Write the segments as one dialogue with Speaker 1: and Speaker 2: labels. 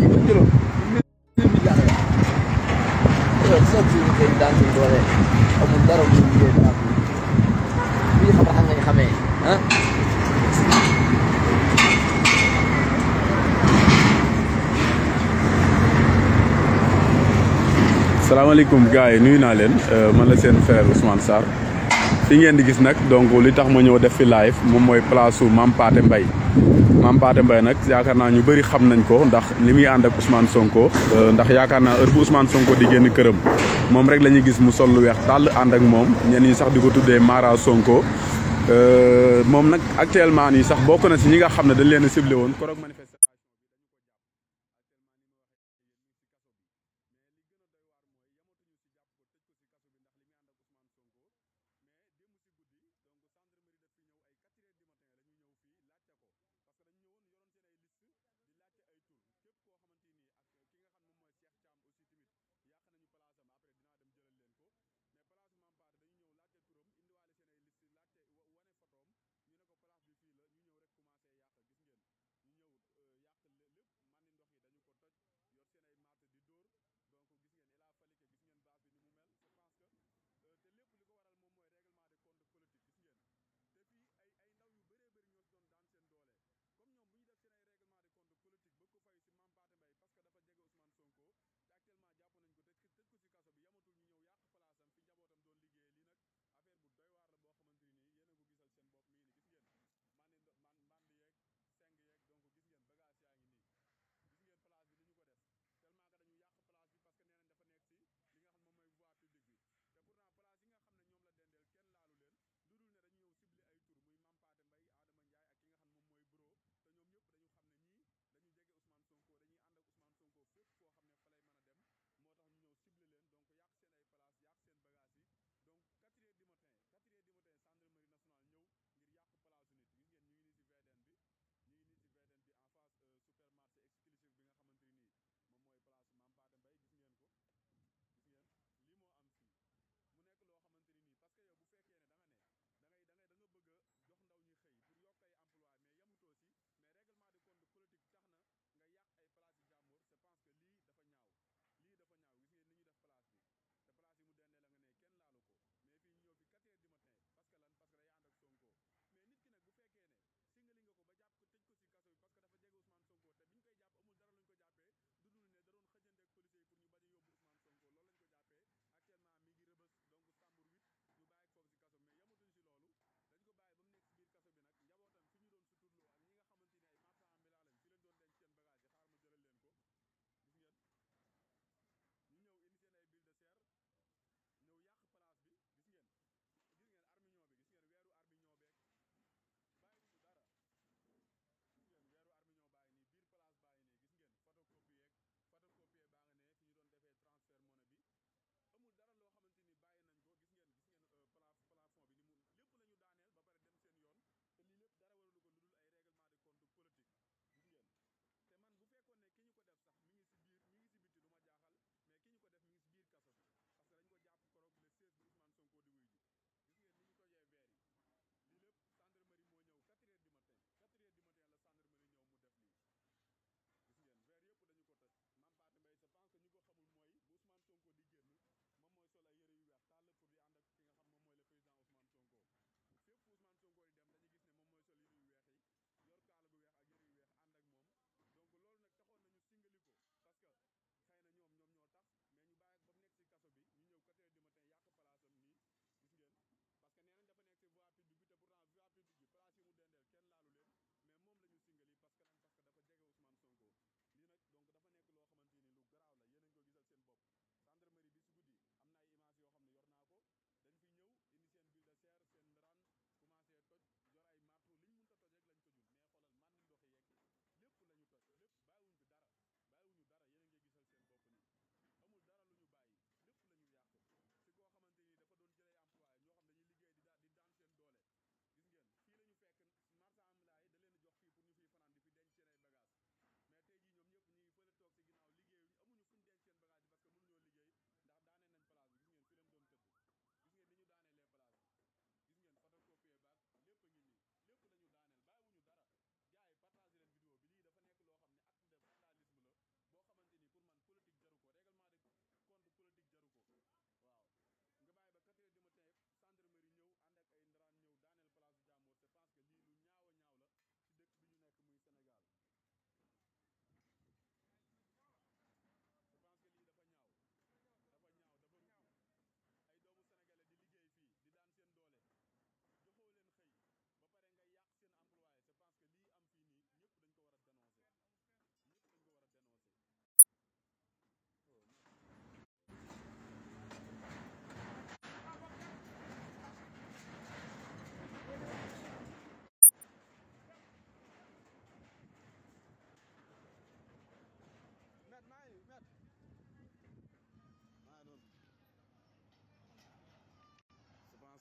Speaker 1: yi fiti lo mi ga ya gars yi nuyu naa leen euh, man la sen frère Ousmane sar fi ngeen di gis nak donc li tax ma ñëw def fi live mom moy place su Mame Pathé Mbaye Mame Pathé Mbaye nag yaakaar naa ñu bëri xam nañ ko ndax li muy ànd ak Ousmane Sonko euh, ndax yaakaar naa heure bu Ousmane Sonko di génn këram moom rek la ñuy gis mu sol lu weex tàll ànd ak moom ñenn ñi sax di ko tuddee Mara Sonko euh, moom nag actuellement nii sax bokk na si ñi nga xam ne dañ leen a ciblé woon koroog manifestation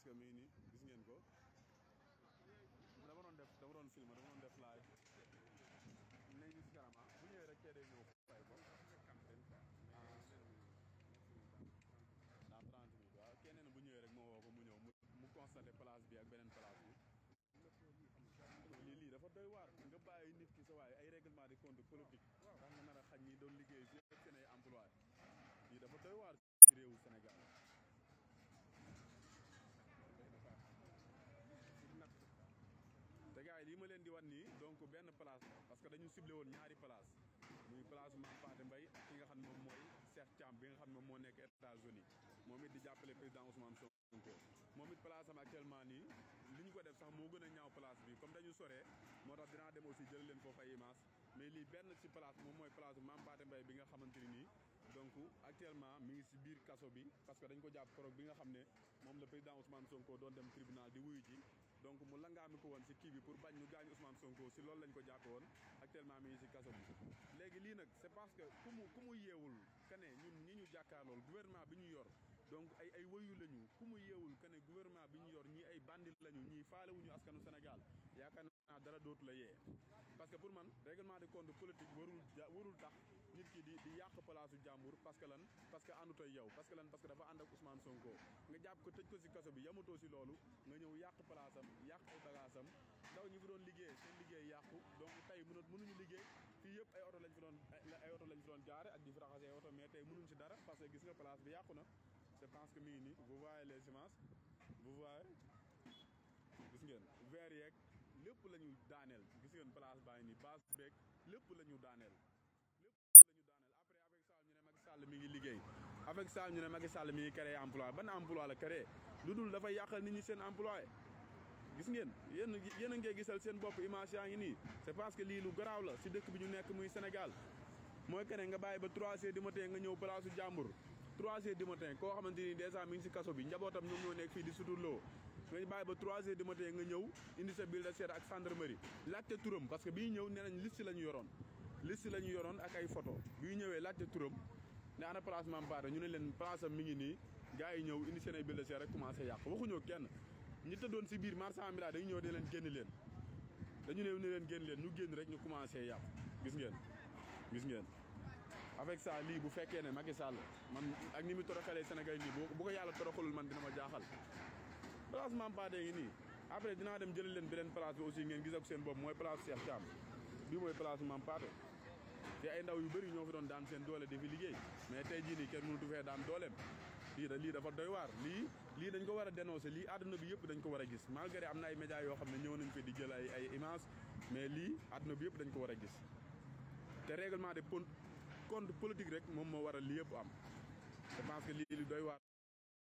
Speaker 1: que mi ngi nii gis ngeen ko dama doon def dama doon film dama doon def live nañ ñu si kanam bu ñëwee rek cee day ñëw fay ko dans trente minutes waaw keneen bu ñëwee rek moo woo ko mu ñëw mu constaté place bi ak beneen place bi lii lii dafa doy waar nga bàyyi nit ki sa waaye ay règlement de compte politique ko benn place parce que dañu ciblé woon ñaari place muy place Mame Pathé Mbaye ki nga xam ne moom mooy Cheikh Thiam bi nga xam ne moom moo nekk États-Unis moom it di jàppale président Ousmane li ko def sax moo gën comme dañu soree moo tax dinaa dem aussi jël leen mais lii benn ci place mooy place Mame Pathé Mbaye bi nga xamante ni nii donc actuellement mi ngi ci biir kaso bi parce que dañ ko jàpp koroog bi nga xam moom la président Ousmane Sonko doon dem tribunal di wuyu ji donc mu langaami ko woon si kii bi pour bañ ñu gaañu Ousmane Sonko si loolu lañ ko jàpp woon actuellement mi ngi si kaso bi léegi lii nag c'est parce que ku mu ku mu yeewul kene ñun ñi ñu jàkkaarlool gouvernement bi ñu yor donc ay ay wëyu lañu ku mu yeewul kene gouvernement bi ñu yor ñii ay bandi lañu ñii faalewuñu askanu Sénégal yaakaar naa dara dootu la yee parce que pour man règlement de compte politique warul warul tax nit kii di di yàq palaasu jàmbur parce que lan parce que àndut ak yow parce que lan parce que dafa ànd ak Ousmane Sonko nga jàpp ko tëj ko si kaso bi yamatoo si loolu nga ñëw yàq palaasam yàq ay bagaasam ndaw ñi fi doon liggéeye seen liggéey yàqu donc tey mënu mënuñu liggéey fii yëpp ay oto lañ fi doon ay lañ fi doon gaare ak di fi raxasee oto mais tey mënuñ si dara parce que gis nga place bi yàqu na je pense que mi ngi nii vous voyez les images vous voyez gis ngeen verre yeeg lépp la ñu daaneel gis ngeen place baa nii base beeg lépp la ñu daaneel Sall mi ngi liggéey avec ça ñu ne Macky Sall mi ngi créé emploi ban emploi la créé lu dul dafa yàqal nit ñi seen emploi gis ngeen yéen a ngee gisal seen bopp i yaa ngi nii c'est parce que garaaw la si dëkk bi ñu nekk muy Sénégal mooy que nga bàyyi ba 3 heures du matin nga ñëw palaasu jàmbur 3 heures du matin koo xamante ni dèjà mi ngi bi njabootam ñoom ñoo nekk fii di suturloo nga bàyyi ba 3 heures du matin nga ñëw indi sa bill de seet ak gendarmerie laajte ne ana place Mame Pathé ñu ne leen place am mi ngi nii gars yi ñëw indi seen ay bill rek commencé yàq waxuñoo kenn te doon si biir marchand ambulant dañu ñëw ne leen génn leen dañu ne ne leen génn leen nu génn rek ñu commencé yàq gis ngeen gis ngeen avec saa lii bu fekkee ne Macky Sall man ak ni mu toroxalee Sénégal nii bu ko yàlla toroxalul man dina ma jaaxal place Mame Pathé ngi nii après dinaa dem jëli leen beneen place bi aussi ngeen gis ak seen bopp mooy place Cheikh Thiam bii mooy te ay ndaw yu bëri ñoo fi doon daan seen doole di fi liggéey mais tey jii nii kenn mënatu fee daan dooleem lii da lii dafa doy waar lii lii dañ ko war a dénoncer lii àdduna bi yëpp dañ ko war a gis malgré am na ay médias yoo xam ne ñëw nañ fi di jël ay ay image mais lii àdduna bi yëpp dañ ko war a gis te règlement de compte politique rek moom moo war a lii yëpp am je pense que lii lu doy waar